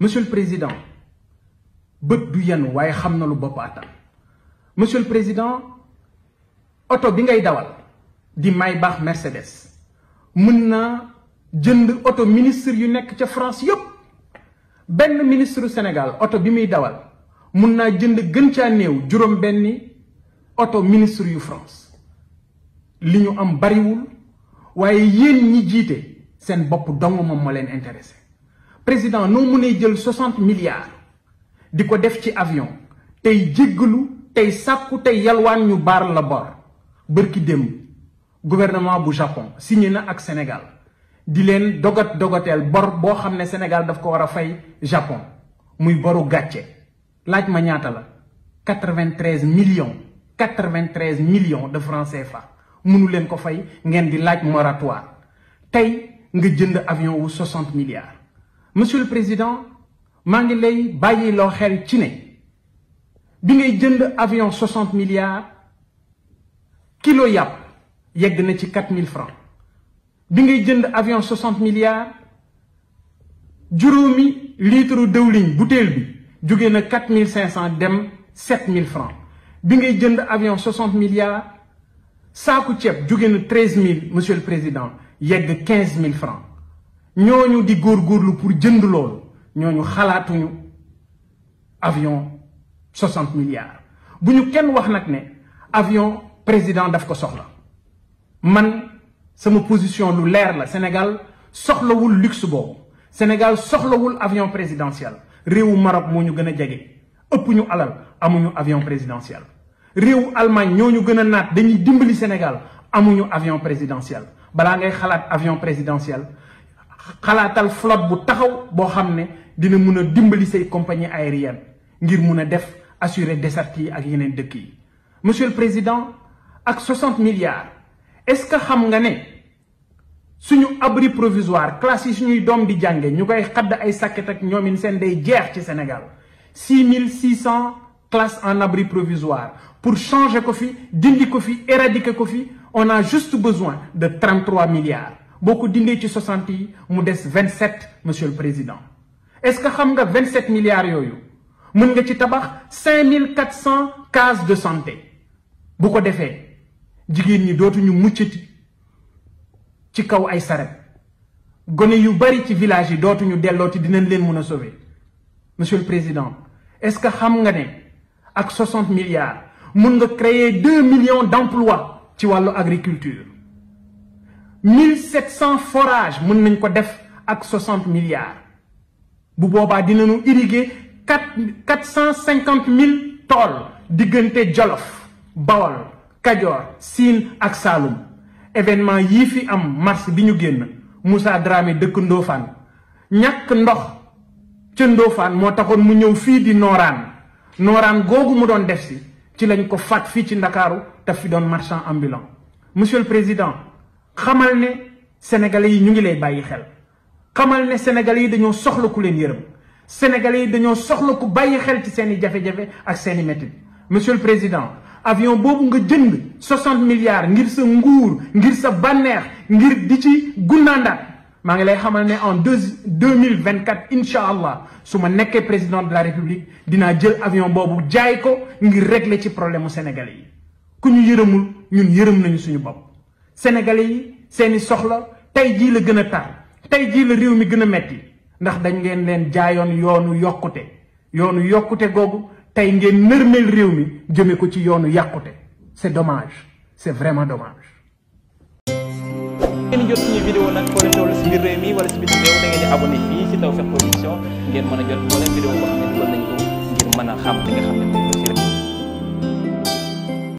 monsieur le président bët du yenu waaye xam na lu bopp attan monsieur le président oto bi ngay dawal di may baax Mercedes mën naa jënd oto ministre yu nekk ca France yëpp benn ministre Sénégal oto bi muy dawal mun naa jënd gën caa néew juróom benni oto ministre yu France li ñu am bariwul waaye yéen ñi jiite seen bopp dong moom moo leen intéressé président noo mënee jël soixante milliards di ko def ci avion tey jéggalu tey sàkku tey yalwaan ñu baar la bor bërki démb gouvernement bu Japon signé na ak Sénégal di leen dogat dogateel bor boo xam ne Sénégal daf ko war a fay Japon muy boru gàcce laaj ma ñaata la quatre-vingt-treize millions quatre vingt de français fa mënu leen ko fay ngeen di laaj moratoire tey nga jënd avion wu soixante milliards monsieur le président maa ngi lay bàyyi loo xel ci ne bi ngay jënd avion 60 milliards kilo yàpp yegg na ci 4000 francs bi ngay jënd avion 60 milliards juróomi litre dëwliñ butéel bi jóge na 4500 dem 7000 francs bi ngay jënd avion 60 milliards saaku ceeb jóge na 13000 monsieur le président yegg 15000 francs ñooñu di góor góorlu pour jënd loolu ñooñu xalaatuñu avion 60 milliards bu ñu kenn wax nag ne avion président daf ko soxla man sama position lu leer la Sénégal soxlawul luxe boobu Sénégal soxlawul avion présidentiel réewu Maroc moo ñu gën a jege ëpp ñu alal amuñu avion présidentiel réewu Allemagne ñoo ñu gën a naat dañuy dimbali Sénégal amuñu avion présidentiel balaa ngay xalaat avion présidentiel xalaatal flotte bu taxaw boo xam ne dina mun a dimbali say compagnie aérienne ngir mun a def assurer dessertes yi ak yeneen dëkk yi monsieur le président ak 60 milliards est-ce que xam nga ne suñu abri provisoire classes yi suñuy doom di jànge ñu koy xadd ay sàkket ak ñoomin seen day jeex ci Sénégal 6600 classes en abri provisoire pour changer ko fi dindi ko fi éradiquer ko fi on a juste besoin de 33 milliards boo ko dindee ci 60 yi mu des 27 monsieur le président est-ce que xam nga 27 milliards yooyu mun nga ci tabax mille 5400 cases de santé bu ko defee jigéen ñi dootuñu muccati ci kaw ay saret gone yu bari ci village yi dootuñu dellooti dinañ leen mun a sauver monsieur le président est-ce que xam nga ne ak 60 milliards mun nga créer 2 millions d'emplois ci wàllu agriculture. mille sept cent forage mën nañ ko def ak soixante milliards bu boobaa dinañu irriguer quatre quatre cent cinquante mille tool diggante Jolof Bawol Kajoor Siin ak Saalum événement yii fi am mars bi ñu génn Moussa Dramé dëkk Ndofane ñàkk ndox ca Ndofane moo taxoon mu ñëw fii di Nooraan Nooraan googu mu doon def si ci lañ ko faat fii ci Ndakaaru te fi doon marchand ambulant monsieur le président xamal ne sénégalais yi ñu ngi lay bàyyi xel xamal ne sénégalais yi dañoo soxla ku leen yërëm sénégalais yi dañoo soxla ku bàyyi xel ci seen i jafe-jafe ak seen i métti monsieur le président avion boobu nga jënd soixante milliards ngir sa nguur ngir sa bànneex ngir di ci gunnaandaat maa ngi lay xamal ne en deux deux mille vingt quatre incha allah su ma nekkee président de la république dinaa jël avion boobu jaay ko ngir régler ci problème mu sénégalais yi ku ñu yërëmul ñun yërëm nañu suñu bopp. sénégalais yi seeni soxla tey jii la gën a tar tey jii la réew mi gën a metti ndax dañ ngeen leen jaayoon yoonu yokkute yoonu yokkute googu tey ngeen nërmeel réew mi jëme ko ci yoonu yàqute c'est dommage c'est vraiment dommage. ngeen jot suñu vidéo nag foo a jot